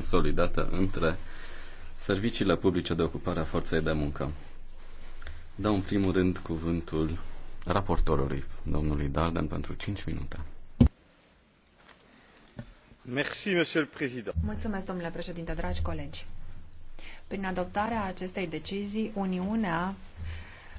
consolidată între serviciile publice de ocupare a forței de muncă. Dau în primul rând cuvântul raportorului, domnului Darden, pentru 5 minute. Mulțumesc, domnule președinte, dragi colegi. Prin adoptarea acestei decizii, Uniunea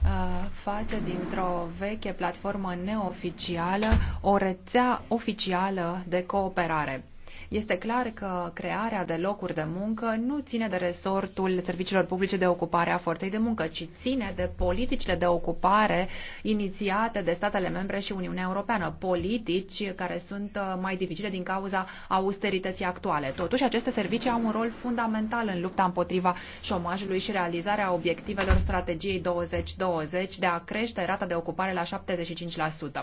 uh, face dintr-o veche platformă neoficială o rețea oficială de cooperare. Este clar că crearea de locuri de muncă nu ține de resortul serviciilor publice de ocupare a forței de muncă, ci ține de politicile de ocupare inițiate de statele membre și Uniunea Europeană, politici care sunt uh, mai dificile din cauza austerității actuale. Totuși, aceste servicii au un rol fundamental în lupta împotriva șomajului și realizarea obiectivelor strategiei 2020 de a crește rata de ocupare la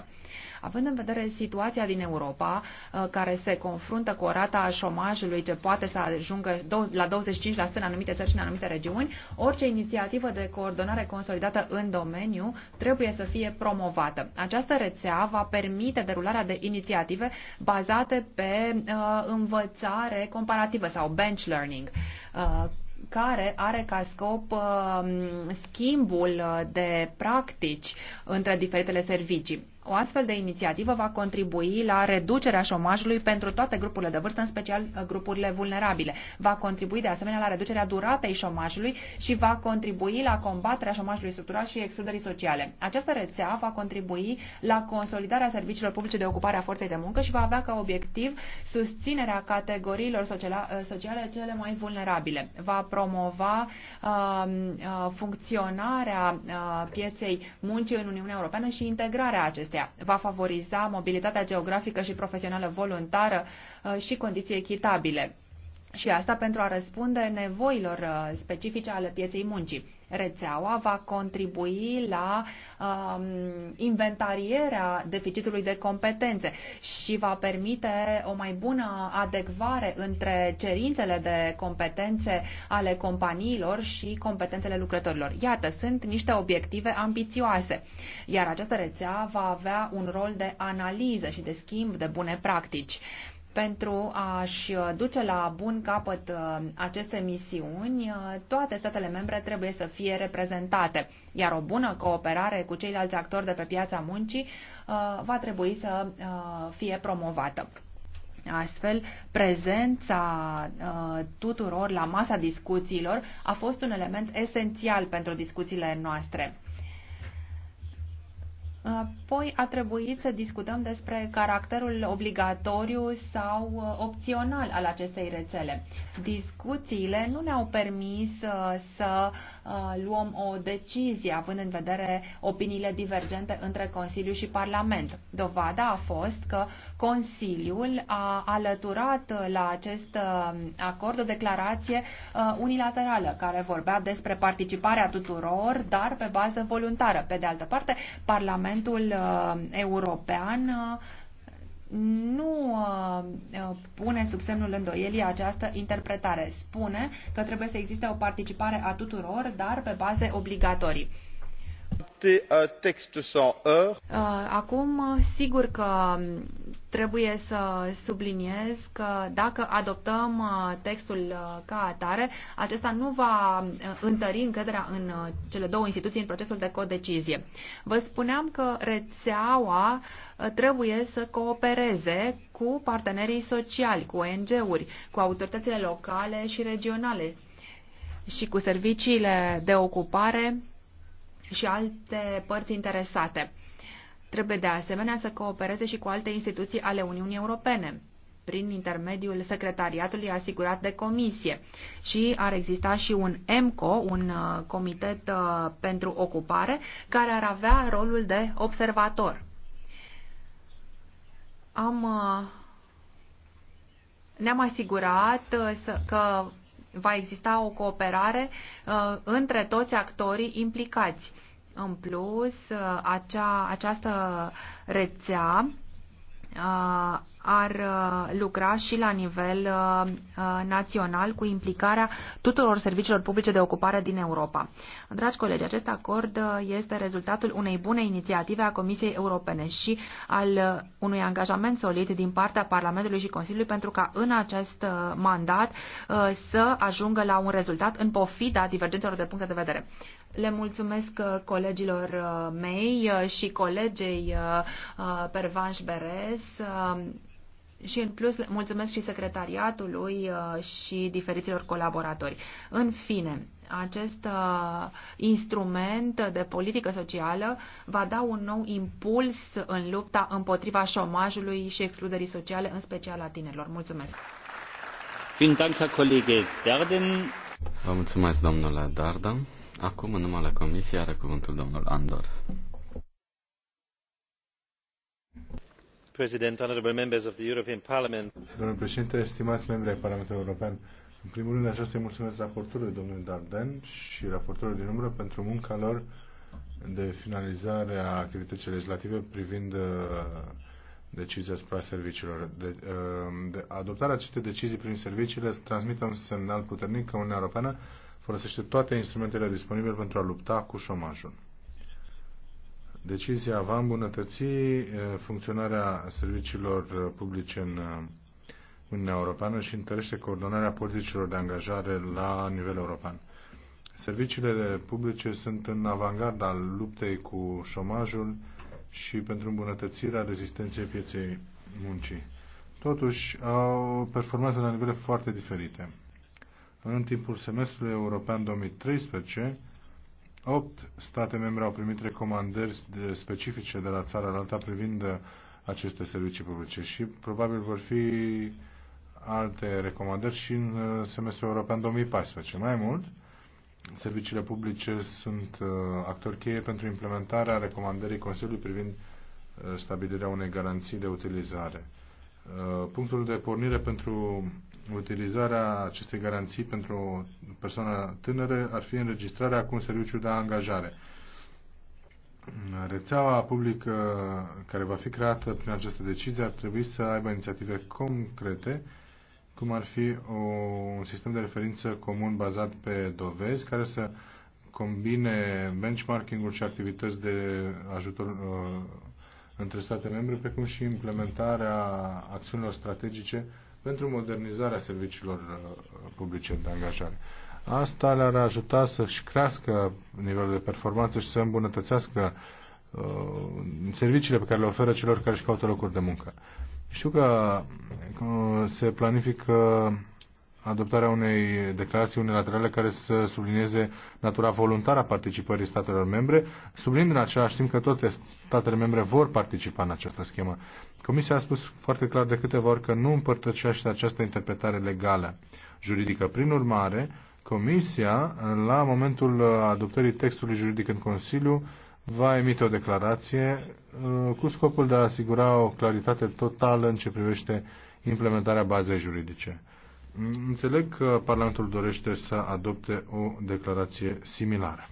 75%. Având în vedere situația din Europa, uh, care se confruntă cu o rata a șomajului ce poate să ajungă la 25% în anumite țări și în anumite regiuni, orice inițiativă de coordonare consolidată în domeniu trebuie să fie promovată. Această rețea va permite derularea de inițiative bazate pe uh, învățare comparativă sau bench learning. Uh, care are ca scop uh, schimbul de practici între diferitele servicii. O astfel de inițiativă va contribui la reducerea șomajului pentru toate grupurile de vârstă, în special uh, grupurile vulnerabile. Va contribui de asemenea la reducerea duratei șomajului și va contribui la combaterea șomajului structural și excluderii sociale. Această rețea va contribui la consolidarea serviciilor publice de ocupare a forței de muncă și va avea ca obiectiv susținerea categoriilor uh, sociale cele mai vulnerabile. Va promova um, uh, funcționarea uh, pieței muncii în Uniunea Europeană și integrarea acesteia mobilitatea, va favoriza mobilitatea geografică și profesională voluntară uh, și condiții echitabile. Și asta pentru a răspunde nevoilor uh, specifice ale pieței muncii. Rețeaua va contribui la um, inventarierea deficitului de competențe și va permite o mai bună adecvare între cerințele de competențe ale companiilor și competențele lucrătorilor. Iată, sunt niște obiective ambițioase, iar această rețea va avea un rol de analiză și de schimb de bune practici. Uh, pentru a-și uh, duce la bun capăt uh, aceste misiuni, uh, toate statele membre trebuie să fie reprezentate, iar o bună cooperare cu ceilalți actori de pe piața muncii va trebui să fie promovată. Astfel, prezența tuturor la masa discuțiilor a fost un element esențial pentru discuțiile noastre. Apoi a trebuit să discutăm despre caracterul obligatoriu sau uh, opțional al acestei rețele. Discuțiile nu ne-au permis uh, să uh, luăm o decizie, având în vedere opiniile divergente între Consiliu și Parlament. Dovada a fost că Consiliul a alăturat la acest acord o declarație unilaterală care vorbea despre participarea tuturor, dar pe bază voluntară. Pe de altă parte, Parlamentul Parlamentul uh, European uh, nu uh, pune sub semnul îndoielii această interpretare. Spune că trebuie să existe o participare a tuturor, dar pe baze obligatorii. Acum, sigur că um, Trebuie să subliniez că dacă adoptăm uh, textul uh, ca atare, acesta nu va uh, întări încrederea în cele două instituții în procesul de codecizie. Vă spuneam că rețeaua trebuie să coopereze cu partenerii sociali, cu ONG-uri, cu autoritățile locale și regionale și cu serviciile de ocupare și alte părți interesate. Trebuie de asemenea să coopereze și cu alte instituții ale Uniunii Europene prin intermediul secretariatului asigurat de comisie. Și ar exista și un EMCO, un uh, comitet uh, pentru ocupare, care ar avea rolul de observator. Am, uh, ne-am asigurat că va exista o cooperare între toți actorii implicați în plus, uh, acea, această rețea uh, ar uh, lucra și la nivel național cu implicarea tuturor serviciilor publice de ocupare din Europa. Dragi colegi, acest acord este rezultatul unei bune inițiative a Comisiei Europene și al unui angajament solid din partea Parlamentului și Consiliului pentru ca în acest mandat să ajungă la un rezultat în pofida divergențelor de puncte de vedere le mulțumesc uh, colegilor uh, mei uh, și colegei Pervanș Beres și în plus mulțumesc și secretariatului și diferiților colaboratori. În fine, acest instrument de politică socială va da un nou impuls în lupta împotriva șomajului și excluderii sociale, în special a tinerilor. Mulțumesc! Vă mulțumesc, domnule Dardan. Acum, în numele Comisiei, are cuvântul domnul Andor. Domnul președinte, estimați membri ai Parlamentului European, în primul rând aș vrea să-i mulțumesc raportorului domnului Darden și raportorul din umbră pentru munca lor de finalizare a activității legislative privind uh, decizia asupra serviciilor. De, uh, de, adoptarea acestei decizii prin serviciile transmite un semnal puternic că Uniunea Europeană folosește toate instrumentele disponibile pentru a lupta cu șomajul. Decizia va îmbunătăți funcționarea serviciilor publice în Uniunea Europeană și întărește coordonarea politicilor de angajare la nivel european. Serviciile publice sunt în avangarda luptei cu șomajul și pentru îmbunătățirea rezistenței pieței muncii. Totuși, au performează la nivele foarte diferite în timpul semestrului european 2013, opt state membre au primit recomandări specifice de la țara alta privind aceste servicii publice și probabil vor fi alte recomandări și în uh, semestrul european 2014. Mai mult, serviciile publice sunt uh, actori cheie pentru implementarea recomandării Consiliului privind uh, stabilirea unei garanții de utilizare. Punctul de pornire pentru utilizarea acestei garanții pentru o persoană tânără ar fi înregistrarea cu un serviciu de angajare. Rețeaua publică care va fi creată prin această decizie ar trebui să aibă inițiative concrete, cum ar fi o, un sistem de referință comun bazat pe dovezi, care să combine benchmarking-ul și activități de ajutor uh, între state membre, precum și implementarea acțiunilor strategice uh, pentru modernizarea serviciilor uh, publice de angajare. Asta le-ar ajuta să-și crească nivelul de performanță și să îmbunătățească uh, serviciile pe care le oferă celor care își caută locuri de muncă. Știu că uh, se planifică adoptarea unei declarații unilaterale care să sublinieze natura voluntară a participării statelor membre, sublinind în același timp că toate statele membre vor participa în această schemă. Comisia a spus foarte clar de câteva ori că nu împărtășește această interpretare legală juridică. Prin urmare, Comisia, la momentul adoptării textului juridic în Consiliu, va emite o declarație uh, cu scopul de a asigura o claritate totală în ce privește implementarea bazei juridice. Înțeleg că Parlamentul dorește să adopte o declarație similară.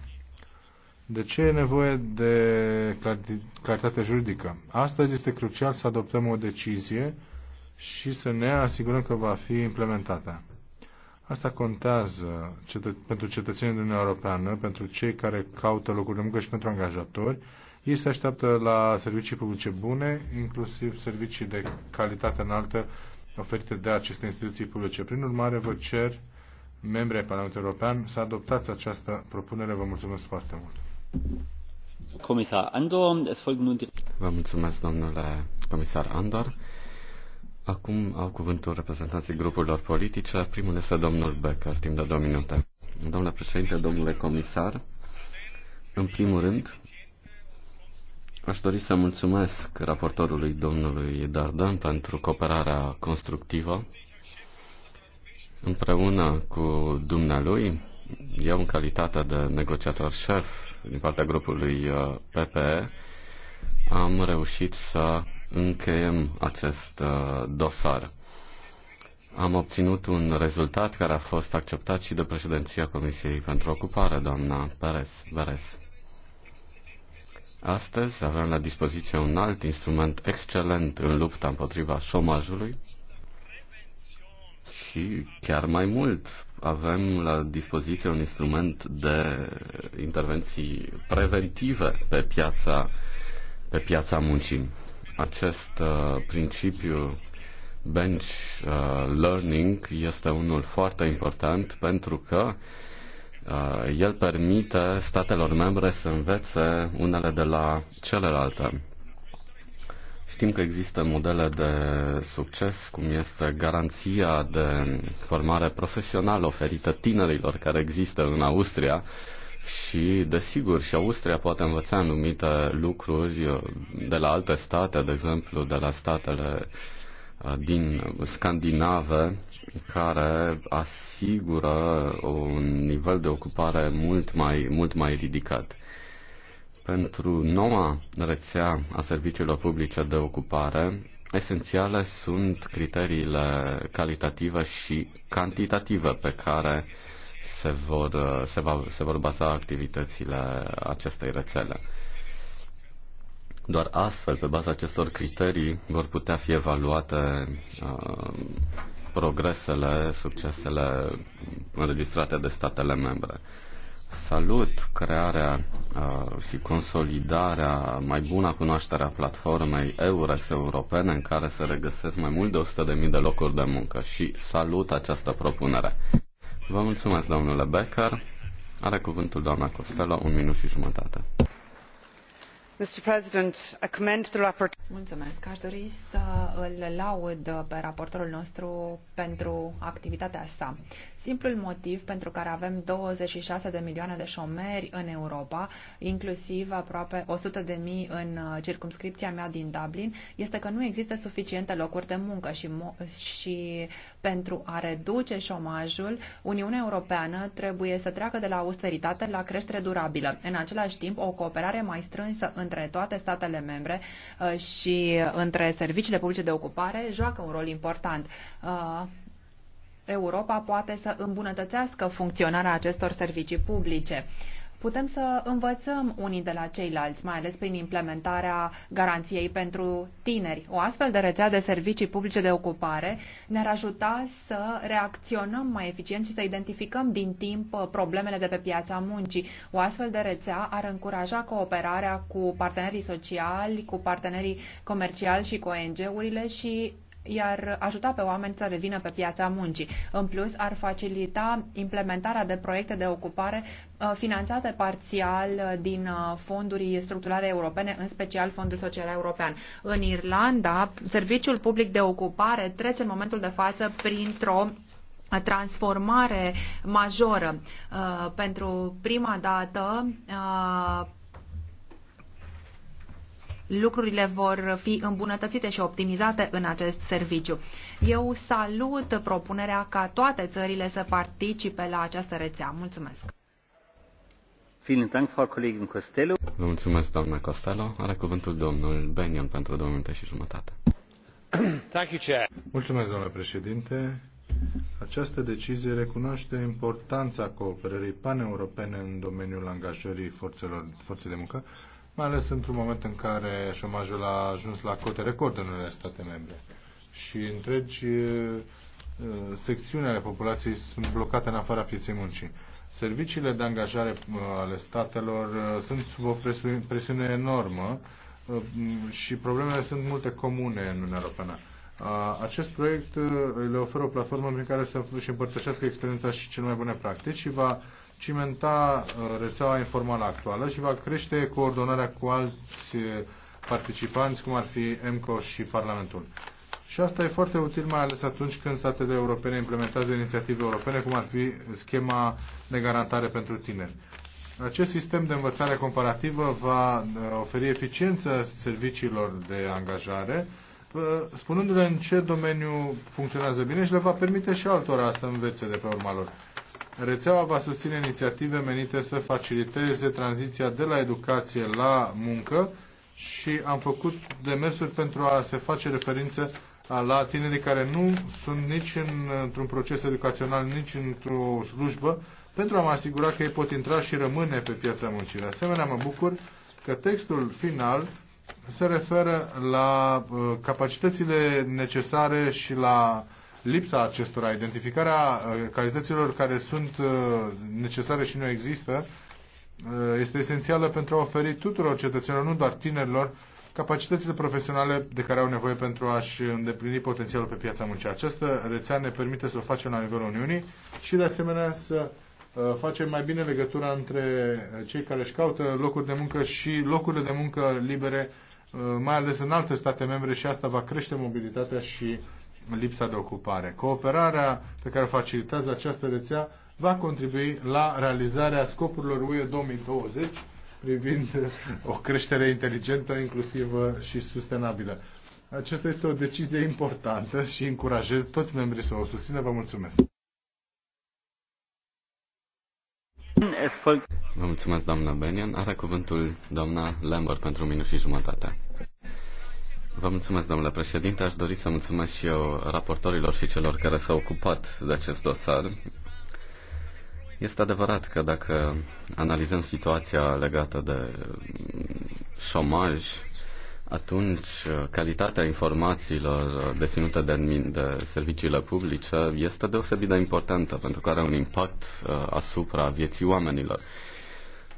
De ce e nevoie de claritate juridică? Astăzi este crucial să adoptăm o decizie și să ne asigurăm că va fi implementată. Asta contează pentru cetățenii din Uniunea Europeană, pentru cei care caută locuri de muncă și pentru angajatori. Ei se așteaptă la servicii publice bune, inclusiv servicii de calitate înaltă oferite de aceste instituții publice. Prin urmare, vă cer, membrii Parlamentului European, să adoptați această propunere. Vă mulțumesc foarte mult. Comisar Andor, es folgen nun Vă mulțumesc, domnule comisar Andor. Acum au cuvântul reprezentanții grupurilor politice. Primul este domnul Becker, timp de două minute. Domnule președinte, domnule comisar, în primul rând, Aș dori să mulțumesc raportorului domnului Dardan pentru cooperarea constructivă. Împreună cu dumnealui, eu în calitate de negociator șef din partea grupului uh, PPE, am reușit să încheiem acest uh, dosar. Am obținut un rezultat care a fost acceptat și de președinția Comisiei pentru Ocupare, doamna Perez. Perez. Astăzi avem la dispoziție un alt instrument excelent în lupta împotriva șomajului și chiar mai mult avem la dispoziție un instrument de intervenții preventive pe piața, pe piața muncii. Acest uh, principiu bench uh, learning este unul foarte important pentru că uh, Uh, el permite statelor membre să învețe unele de la celelalte. Știm că există modele de succes, cum este garanția de formare profesională oferită tinerilor care există în Austria și, desigur, și Austria poate învăța anumite lucruri de la alte state, de exemplu, de la statele uh, din Scandinave care asigură un nivel de ocupare mult mai, mult mai ridicat. Pentru noua rețea a serviciilor publice de ocupare, esențiale sunt criteriile calitative și cantitative pe care se vor, se va, se vor baza activitățile acestei rețele. Doar astfel, pe baza acestor criterii, vor putea fi evaluate uh, progresele, succesele înregistrate de statele membre. Salut crearea uh, și consolidarea mai bună cunoașterea platformei EURES europene în care se regăsesc mai mult de 100.000 de locuri de muncă și salut această propunere. Vă mulțumesc, domnule Becker. Are cuvântul doamna Costello, un minut și jumătate aș dori să îl laud pe raportorul nostru pentru activitatea sa. Simplul motiv pentru care avem 26 de milioane de șomeri în Europa, inclusiv aproape sută de mii în circumscripția mea din Dublin, este că nu există suficiente locuri de muncă și, și pentru a reduce șomajul, Uniunea Europeană trebuie să treacă de la austeritate la creștere durabilă. În același timp, o cooperare mai strânsă în între toate statele membre uh, și între serviciile publice de ocupare joacă un rol important. Uh, Europa poate să îmbunătățească funcționarea acestor servicii publice putem să învățăm unii de la ceilalți, mai ales prin implementarea garanției pentru tineri. O astfel de rețea de servicii publice de ocupare ne-ar ajuta să reacționăm mai eficient și să identificăm din timp uh, problemele de pe piața muncii. O astfel de rețea ar încuraja cooperarea cu partenerii sociali, cu partenerii comerciali și cu ONG-urile și iar ajuta pe oameni să revină pe piața muncii. În plus, ar facilita implementarea de proiecte de ocupare uh, finanțate parțial uh, din uh, fonduri structurale europene, în special Fondul Social European. În Irlanda, Serviciul Public de Ocupare trece în momentul de față printr-o transformare majoră. Pentru prima dată, lucrurile vor fi îmbunătățite și optimizate în acest serviciu. Eu salut propunerea ca toate țările să participe la această rețea. Mulțumesc! Vă mulțumesc, doamna Costello. Are cuvântul domnul Benion pentru două minute și jumătate. Mulțumesc, domnule președinte. Această decizie recunoaște importanța cooperării paneuropene în domeniul angajării forțelor, forțe de muncă mai ales într-un moment în care șomajul a ajuns la cote record în unele state membre. Și întregi secțiuni ale populației sunt blocate în afara pieței muncii. Serviciile de angajare uh, ale statelor uh, sunt sub o presiune enormă uh, și problemele sunt multe comune în Uniunea Europeană. Acest proiect le oferă o platformă prin care să își împărtășească experiența și cele mai bune practici și va cimenta uh, rețeaua informală actuală și va crește coordonarea cu alți uh, participanți, cum ar fi EMCO și Parlamentul. Și asta e foarte util, mai ales atunci când statele europene implementează inițiative europene, cum ar fi schema de garantare pentru tineri. Acest sistem de învățare comparativă va uh, oferi eficiență serviciilor de angajare, spunându-le în ce domeniu funcționează bine și le va permite și altora să învețe de pe urma lor. Rețeaua va susține inițiative menite să faciliteze tranziția de la educație la muncă și am făcut demersuri pentru a se face referință la tinerii care nu sunt nici într-un proces educațional, nici într-o slujbă, pentru a mă asigura că ei pot intra și rămâne pe piața muncii. De asemenea, mă bucur că textul final se referă la uh, capacitățile necesare și la lipsa acestora, identificarea uh, calităților care sunt uh, necesare și nu există, uh, este esențială pentru a oferi tuturor cetățenilor, nu doar tinerilor, capacitățile profesionale de care au nevoie pentru a-și îndeplini potențialul pe piața muncii. Această rețea ne permite să o facem la nivelul Uniunii și, de asemenea, să facem mai bine legătura între cei care își caută locuri de muncă și locurile de muncă libere, mai ales în alte state membre și asta va crește mobilitatea și lipsa de ocupare. Cooperarea pe care o facilitează această rețea va contribui la realizarea scopurilor UE 2020 privind o creștere inteligentă, inclusivă și sustenabilă. Aceasta este o decizie importantă și încurajez toți membrii să o susțină. Vă mulțumesc! Vă mulțumesc, doamna Benian. Are cuvântul doamna Lambert pentru un minut și jumătate. Vă mulțumesc, domnule președinte. Aș dori să mulțumesc și eu raportorilor și celor care s-au ocupat de acest dosar. Este adevărat că dacă analizăm situația legată de șomaj, atunci calitatea informațiilor deținute de, de serviciile publice este deosebit de importantă pentru că are un impact uh, asupra vieții oamenilor.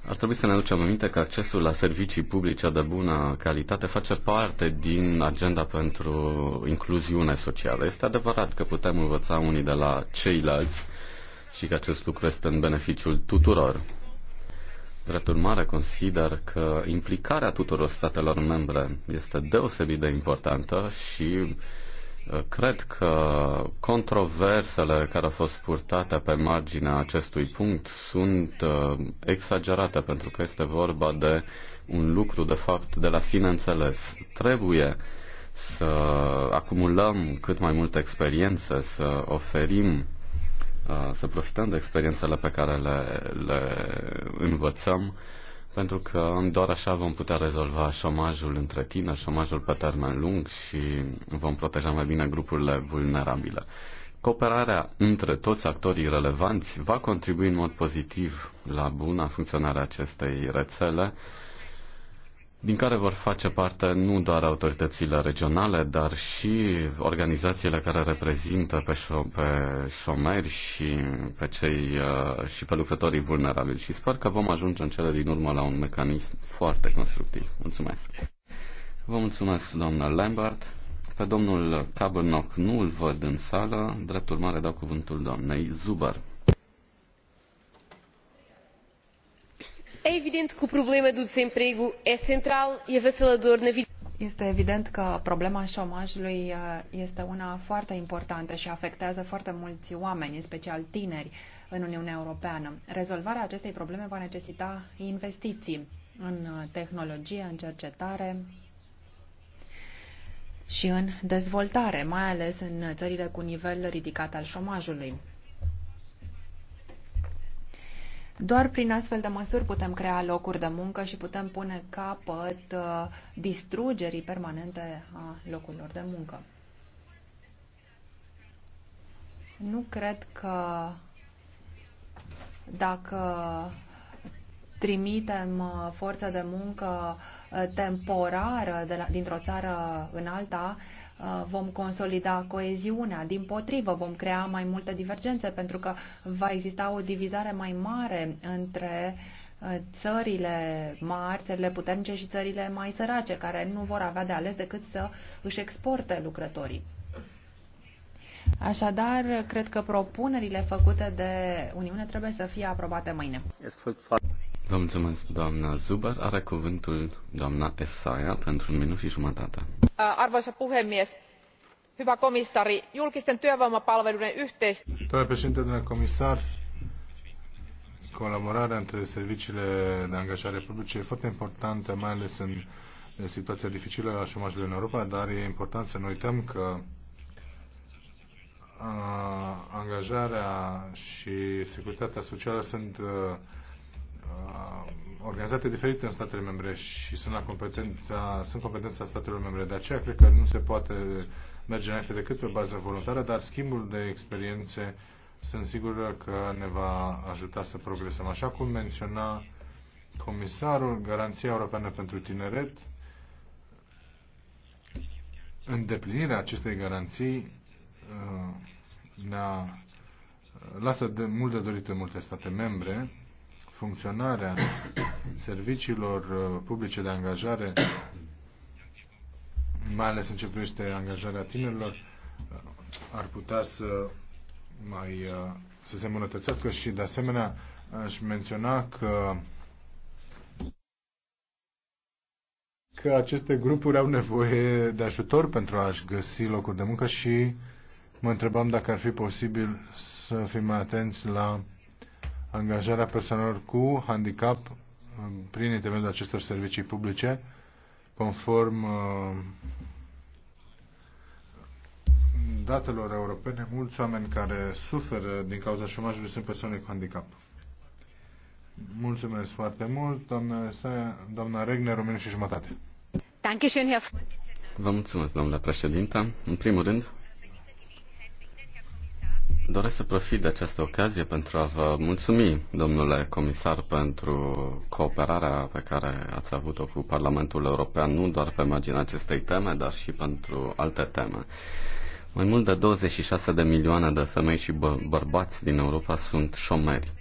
Ar trebui să ne aducem aminte că accesul la servicii publice de bună calitate face parte din agenda pentru incluziune socială. Este adevărat că putem învăța unii de la ceilalți și că acest lucru este în beneficiul tuturor. Drept urmare, consider că implicarea tuturor statelor membre este deosebit de importantă și Cred că controversele care au fost purtate pe marginea acestui punct sunt uh, exagerate pentru că este vorba de un lucru de fapt de la sine înțeles. Trebuie să acumulăm cât mai multă experiență, să oferim, uh, să profităm de experiențele pe care le, le învățăm pentru că doar așa vom putea rezolva șomajul între tine, șomajul pe termen lung și vom proteja mai bine grupurile vulnerabile. Cooperarea între toți actorii relevanți va contribui în mod pozitiv la buna funcționare acestei rețele, din care vor face parte nu doar autoritățile regionale, dar și organizațiile care reprezintă pe, șo- pe șomeri și pe, cei, uh, și pe lucrătorii vulnerabili. Și sper că vom ajunge în cele din urmă la un mecanism foarte constructiv. Mulțumesc! Vă mulțumesc, doamnă Lambert. Pe domnul Cabernoc nu îl văd în sală, drept urmare dau cuvântul doamnei Zuber. E evident că problema do desemprego e central e avassalador na Este evident că problema șomajului uh, este una foarte importantă și afectează foarte mulți oameni, în special tineri, în Uniunea Europeană. Rezolvarea acestei probleme va necesita investiții în uh, tehnologie, în cercetare și în dezvoltare, mai ales în țările cu nivel ridicat al șomajului. Doar prin astfel de măsuri putem crea locuri de muncă și putem pune capăt uh, distrugerii permanente a locurilor de muncă. Nu cred că dacă trimitem uh, forță de muncă uh, temporară de la, dintr-o țară în alta, Uh, vom consolida coeziunea, din potrivă vom crea mai multe divergențe pentru că va exista o divizare mai mare între uh, țările mari, țările puternice și țările mai sărace, care nu vor avea de ales decât să își exporte lucrătorii. Așadar, cred că propunerile făcute de Uniune trebuie să fie aprobate mâine. Vă mulțumesc, doamna Zubar. Are cuvântul doamna Esaia pentru un minut și jumătate. Uh, arvoisa puhemies, hyvä komissari, julkisten työvoimapalveluiden yhteistyö... Doamna președinte, doamna comisar, colaborarea între serviciile de angajare publice e foarte importantă, mai ales în situația dificilă a șomajului în Europa, dar e important să nu uităm că uh, angajarea și securitatea socială sunt uh, Uh, organizate diferite în statele membre și sunt, la competența, sunt competența statelor membre. De aceea cred că nu se poate merge înainte decât pe bază voluntară, dar schimbul de experiențe sunt sigur că ne va ajuta să progresăm. Așa cum menționa comisarul, Garanția Europeană pentru Tineret, îndeplinirea acestei garanții uh, ne lasă de mult de dorit în multe state membre funcționarea serviciilor uh, publice de angajare, mai ales în ce privește angajarea tinerilor, uh, ar putea să mai uh, să se îmbunătățească și de asemenea aș menționa că că aceste grupuri au nevoie de ajutor pentru a-și găsi locuri de muncă și mă întrebam dacă ar fi posibil să fim atenți la angajarea persoanelor cu handicap prin intermediul acestor servicii publice, conform uh, datelor europene, mulți oameni care suferă din cauza șomajului sunt persoane cu handicap. Mulțumesc foarte mult, doamna, doamna Regner, o minut și jumătate. Vă mulțumesc, doamna președintă. În primul rând, Doresc să profit de această ocazie pentru a vă mulțumi, domnule comisar, pentru cooperarea pe care ați avut-o cu Parlamentul European, nu doar pe marginea acestei teme, dar și pentru alte teme. Mai mult de 26 de milioane de femei și bă- bărbați din Europa sunt șomeri.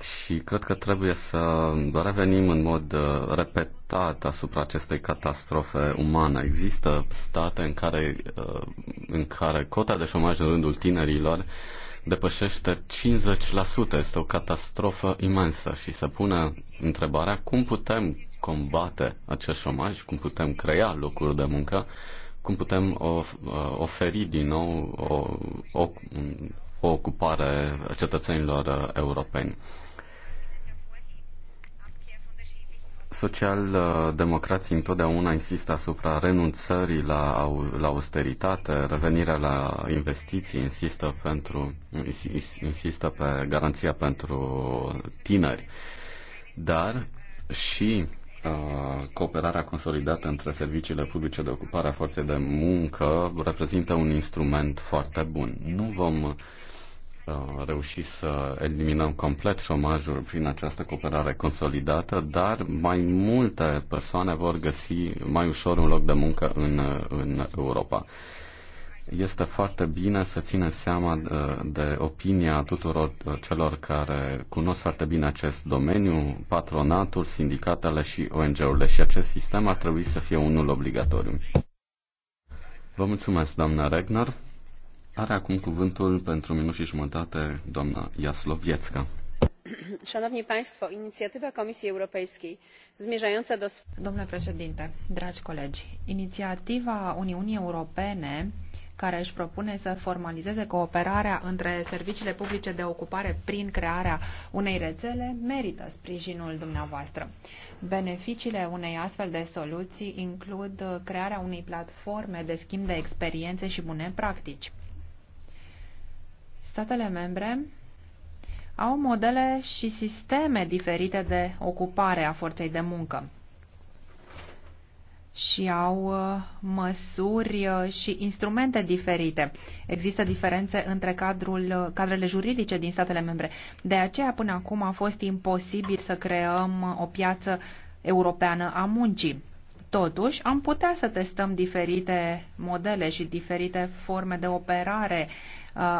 Și cred că trebuie să revenim în mod uh, repetat asupra acestei catastrofe umane. Există state în care, uh, în care cota de șomaj în rândul tinerilor depășește 50%. Este o catastrofă imensă și se pune întrebarea cum putem combate acest șomaj, cum putem crea locuri de muncă, cum putem uh, oferi din nou o, o, o ocupare cetățenilor europeni. Social-democrații întotdeauna insistă asupra renunțării la, la austeritate, revenirea la investiții, insistă, pentru, insistă pe garanția pentru tineri. Dar și uh, cooperarea consolidată între serviciile publice de ocupare a forței de muncă reprezintă un instrument foarte bun. Nu vom reușit să eliminăm complet șomajul prin această cooperare consolidată, dar mai multe persoane vor găsi mai ușor un loc de muncă în, în Europa. Este foarte bine să ținem seama de, uh, de opinia tuturor uh, celor care cunosc foarte bine acest domeniu, patronatul, sindicatele și ONG-urile și acest sistem ar trebui să fie unul obligatoriu. Vă mulțumesc, doamna Regner. Are acum cuvântul pentru minut și jumătate doamna Jasloviecka. Szanowni Państwo, inicjatywa Komisji Europejskiej zmierzająca do... Domnule președinte, dragi colegi, inițiativa Uniunii Europene care își propune să formalizeze cooperarea între serviciile publice de ocupare prin crearea unei rețele, merită sprijinul dumneavoastră. Beneficiile unei astfel de soluții includ crearea unei platforme de schimb de experiențe și bune practici. Statele membre au modele și sisteme diferite de ocupare a forței de muncă și au uh, măsuri uh, și instrumente diferite. Există diferențe între cadrul, uh, cadrele juridice din statele membre. De aceea, până acum, a fost imposibil să creăm o piață europeană a muncii. Totuși, am putea să testăm diferite modele și diferite forme de operare uh,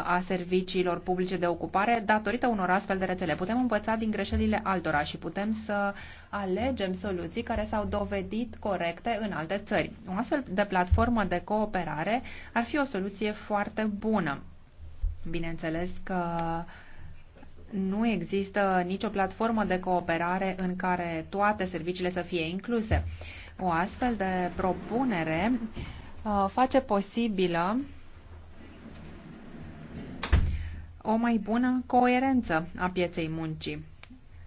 a serviciilor publice de ocupare datorită unor astfel de rețele. Putem învăța din greșelile altora și putem să alegem soluții care s-au dovedit corecte în alte țări. O astfel de platformă de cooperare ar fi o soluție foarte bună. Bineînțeles că nu există nicio platformă de cooperare în care toate serviciile să fie incluse. O astfel de propunere uh, face posibilă o mai bună coerență a pieței muncii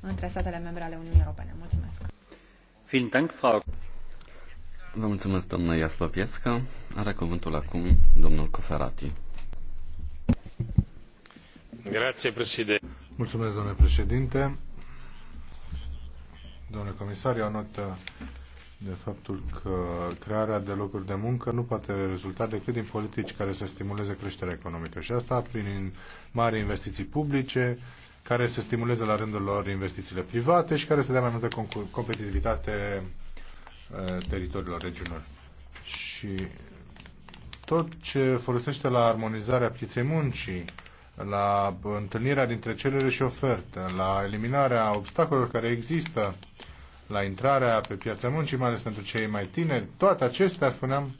între statele membre ale Uniunii Europene. Mulțumesc! Vă mulțumesc, doamna Iaslovietska. Are cuvântul acum domnul Coferati. Grazie, președinte. Mulțumesc, domnule președinte. Domnule comisar, eu anot de faptul că crearea de locuri de muncă nu poate rezulta decât din politici care să stimuleze creșterea economică. Și asta prin mari investiții publice, care să stimuleze la rândul lor investițiile private și care să dea mai multă competitivitate uh, teritoriilor regiunilor. Și tot ce folosește la armonizarea pieței muncii, la întâlnirea dintre cerere și ofertă, la eliminarea obstacolelor care există la intrarea pe piața muncii, mai ales pentru cei mai tineri, toate acestea, spuneam,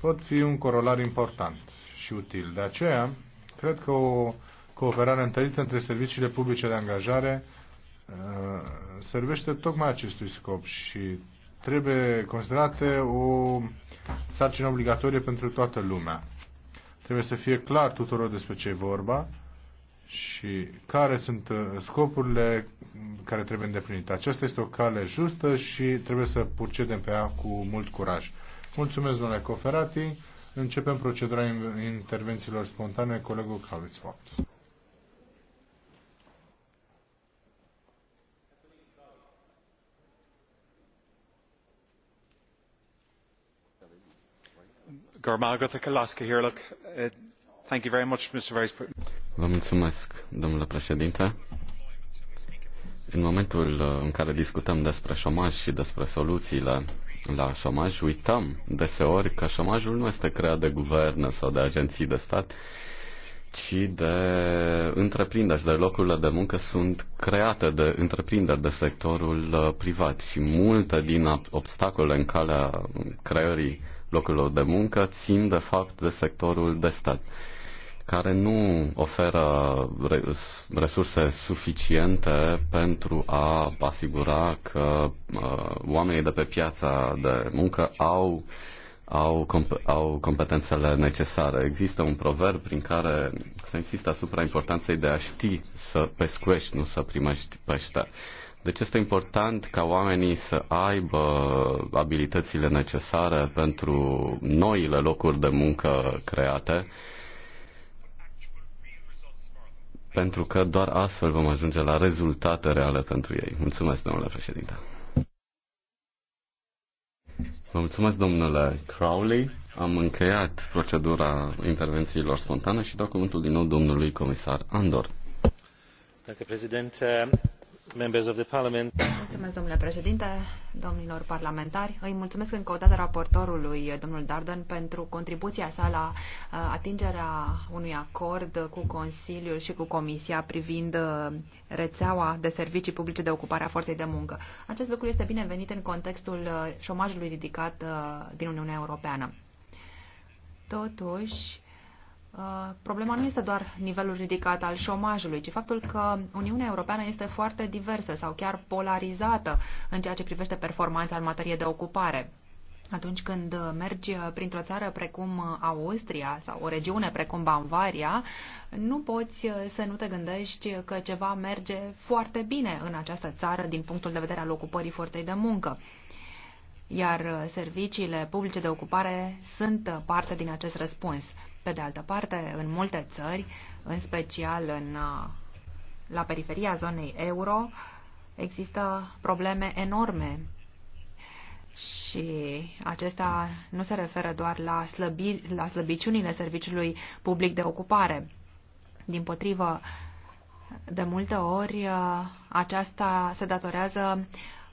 pot fi un corolar important și util. De aceea, cred că o cooperare întărită între serviciile publice de angajare uh, servește tocmai acestui scop și trebuie considerate o sarcină obligatorie pentru toată lumea. Trebuie să fie clar tuturor despre ce e vorba și care sunt uh, scopurile care trebuie îndeplinită. Aceasta este o cale justă și trebuie să procedem pe ea cu mult curaj. Mulțumesc, domnule Coferati. Începem procedura intervențiilor spontane. Colegul Kavitzvot. Uh, Vă mulțumesc, domnule președinte în momentul uh, în care discutăm despre șomaj și despre soluțiile la șomaj, uităm deseori că șomajul nu este creat de guverne sau de agenții de stat, ci de întreprinderi, de locurile de muncă sunt create de întreprinderi de sectorul uh, privat și multe din obstacole în calea creării locurilor de muncă țin de fapt de sectorul de stat care nu oferă resurse suficiente pentru a asigura că uh, oamenii de pe piața de muncă au, au, comp- au competențele necesare. Există un proverb prin care se insistă asupra importanței de a ști să pescuești, nu să primești pește. Deci este important ca oamenii să aibă abilitățile necesare pentru noile locuri de muncă create pentru că doar astfel vom ajunge la rezultate reale pentru ei. Mulțumesc, domnule președinte. Vă mulțumesc, domnule Crowley. Am încheiat procedura intervențiilor spontane și dau cuvântul din nou domnului comisar Andor. Dacă președinte, Mulțumesc, domnule președinte, domnilor parlamentari. Îi mulțumesc încă o dată raportorului, domnul Darden, pentru contribuția sa la uh, atingerea unui acord cu Consiliul și cu Comisia privind uh, rețeaua de servicii publice de ocupare a forței de muncă. Acest lucru este binevenit în contextul uh, șomajului ridicat din Uniunea Europeană. Totuși, Uh, problema nu este doar nivelul ridicat al șomajului, ci faptul că Uniunea Europeană este foarte diversă sau chiar polarizată în ceea ce privește performanța în materie de ocupare. Atunci când mergi printr-o țară precum Austria sau o regiune precum Bavaria, nu poți să nu te gândești că ceva merge foarte bine în această țară din punctul de vedere al ocupării forței de muncă iar serviciile publice de ocupare sunt parte din acest răspuns. Pe de altă parte, în multe țări, în special în, la periferia zonei euro, există probleme enorme și acesta nu se referă doar la, slăbi, la slăbiciunile serviciului public de ocupare. Din potrivă, de multe ori aceasta se datorează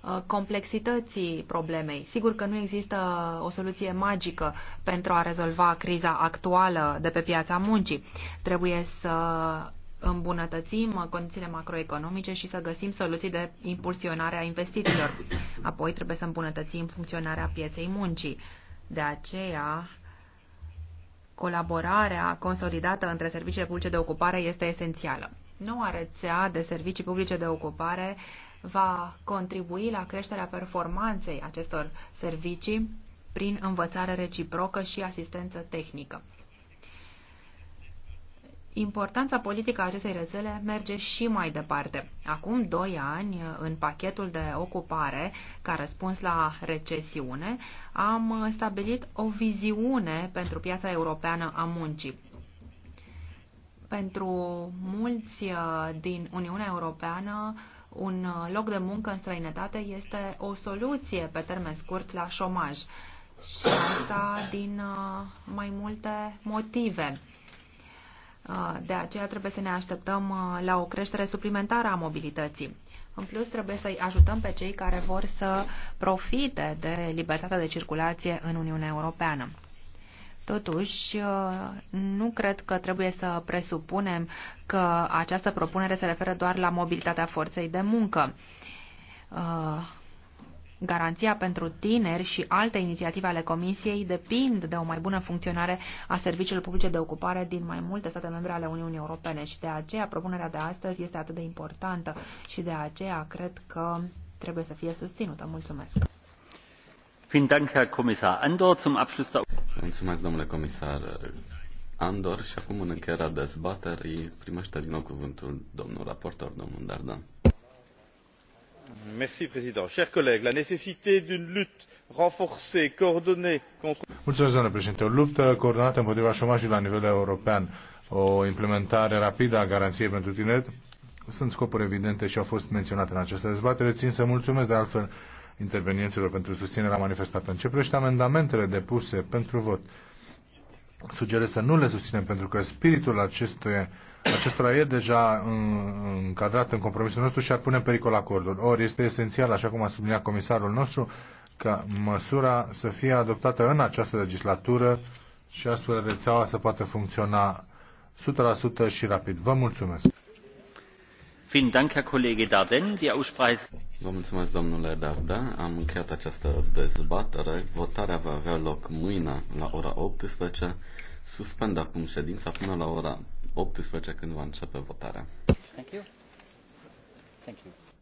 Uh, complexității problemei. Sigur că nu există o soluție magică pentru a rezolva criza actuală de pe piața muncii. Trebuie să îmbunătățim condițiile macroeconomice și să găsim soluții de impulsionare a investițiilor. Apoi trebuie să îmbunătățim funcționarea pieței muncii. De aceea, colaborarea consolidată între serviciile publice de ocupare este esențială. Noua rețea de servicii publice de ocupare uh, va contribui la creșterea performanței acestor servicii prin învățare reciprocă și asistență tehnică. Importanța politică a acestei rețele merge și mai departe. Acum doi ani, în pachetul de ocupare ca răspuns la recesiune, am stabilit o viziune pentru piața europeană a muncii. Pentru mulți uh, din Uniunea Europeană, un uh, loc de muncă în străinătate este o soluție pe termen scurt la șomaj. Și asta din uh, mai multe motive. Uh, de aceea trebuie să ne așteptăm la o creștere suplimentară a mobilității. În plus, trebuie să-i ajutăm pe cei care vor să profite de libertatea de circulație în Uniunea Europeană. Totuși, nu cred că trebuie să presupunem că această propunere se referă doar la mobilitatea forței de muncă. Uh, garanția pentru tineri și alte inițiative ale Comisiei depind de o mai bună funcționare a serviciilor publice de ocupare din mai multe state membre ale Uniunii Europene și de aceea propunerea de astăzi este atât de importantă și de aceea cred că trebuie să fie susținută. Mulțumesc! Mulțumesc, domnule comisar Andor. Și acum, în încheierea dezbaterii, primește din nou cuvântul domnul raportor, domnul Dardan. Merci, président. Chers collègues, la nécessité d'une lutte renforcée, coordonnée contre... Mulțumesc, domnule președinte. O luptă coordonată împotriva șomajului la nivel european, o implementare rapidă a garanției pentru tineret, sunt scopuri evidente și au fost menționate în această dezbatere. Țin să mulțumesc de altfel intervenienților pentru susținerea manifestată. În ce privește amendamentele depuse pentru vot, sugerez să nu le susținem pentru că spiritul acestui, acestora e deja încadrat în compromisul nostru și ar pune în pericol acordul. Ori este esențial, așa cum a subliniat comisarul nostru, ca măsura să fie adoptată în această legislatură și astfel rețeaua să poată funcționa 100% și rapid. Vă mulțumesc! Vielen Dank, Herr Kollege Darden. Die Aussprache Vă mulțumesc, domnule Darda. Am încheiat această dezbatere. Votarea va avea loc mâine la ora 18. Suspend acum ședința până la ora 18 când va începe votarea. Thank you. Thank you.